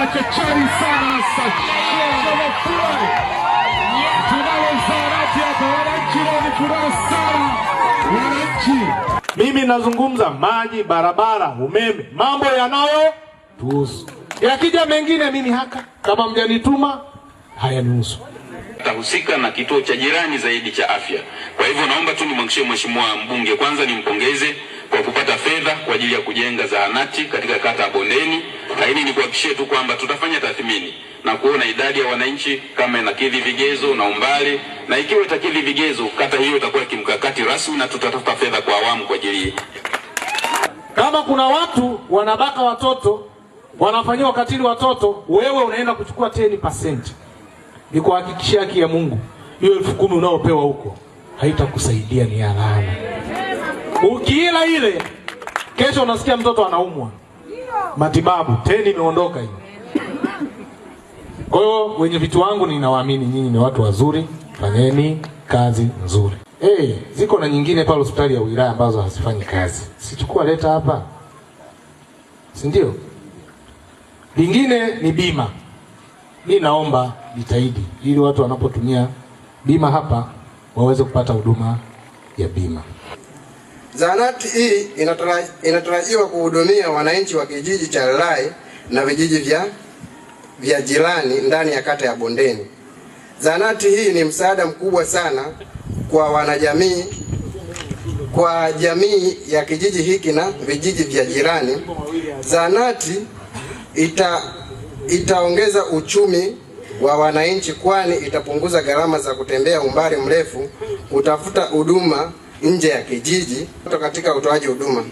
machachari sana tunafurahi, wananchi leo ni furaha sana wananchi. Mimi nazungumza maji, barabara, umeme, mambo yanayotuhusu. Yakija mengine mimi haka, kama mjanituma hayanihusu atahusika na kituo cha jirani zaidi cha afya. Kwa hivyo naomba tu nimhakikishie mheshimiwa mbunge, kwanza nimpongeze kwa kupata fedha kwa ajili ya kujenga zahanati katika kata ya Bondeni, lakini nikuhakikishie tu kwamba tutafanya tathmini na kuona idadi ya wananchi kama inakidhi vigezo na umbali, na ikiwa itakidhi vigezo, kata hiyo itakuwa kimkakati rasmi na tutatafuta fedha kwa awamu kwa ajili kama kuna watu wanabaka watoto wanafanyiwa ukatili watoto, wewe unaenda kuchukua 10% nikuhakikishia kia Mungu, hiyo elfu kumi unaopewa huko haitakusaidia, ni alama. Ukiila ile, kesho unasikia mtoto anaumwa matibabu teni, imeondoka hiyo. Kwa hiyo wenye vitu wangu, ninawaamini nyinyi ni watu wazuri, fanyeni kazi nzuri. Hey, eh, ziko na nyingine pale hospitali ya wilaya ambazo hazifanyi kazi, sichukua leta hapa, si ndio? Lingine ni bima. Mi naomba jitahidi ili watu wanapotumia bima hapa waweze kupata huduma ya bima. Zahanati hii inatarajiwa kuhudumia wananchi wa kijiji cha lai na vijiji vya, vya jirani ndani ya kata ya Bondeni. Zahanati hii ni msaada mkubwa sana kwa wanajamii, kwa jamii ya kijiji hiki na vijiji vya jirani. Zahanati ita, itaongeza uchumi wa wananchi, kwani itapunguza gharama za kutembea umbali mrefu kutafuta huduma nje ya kijiji katika utoaji huduma.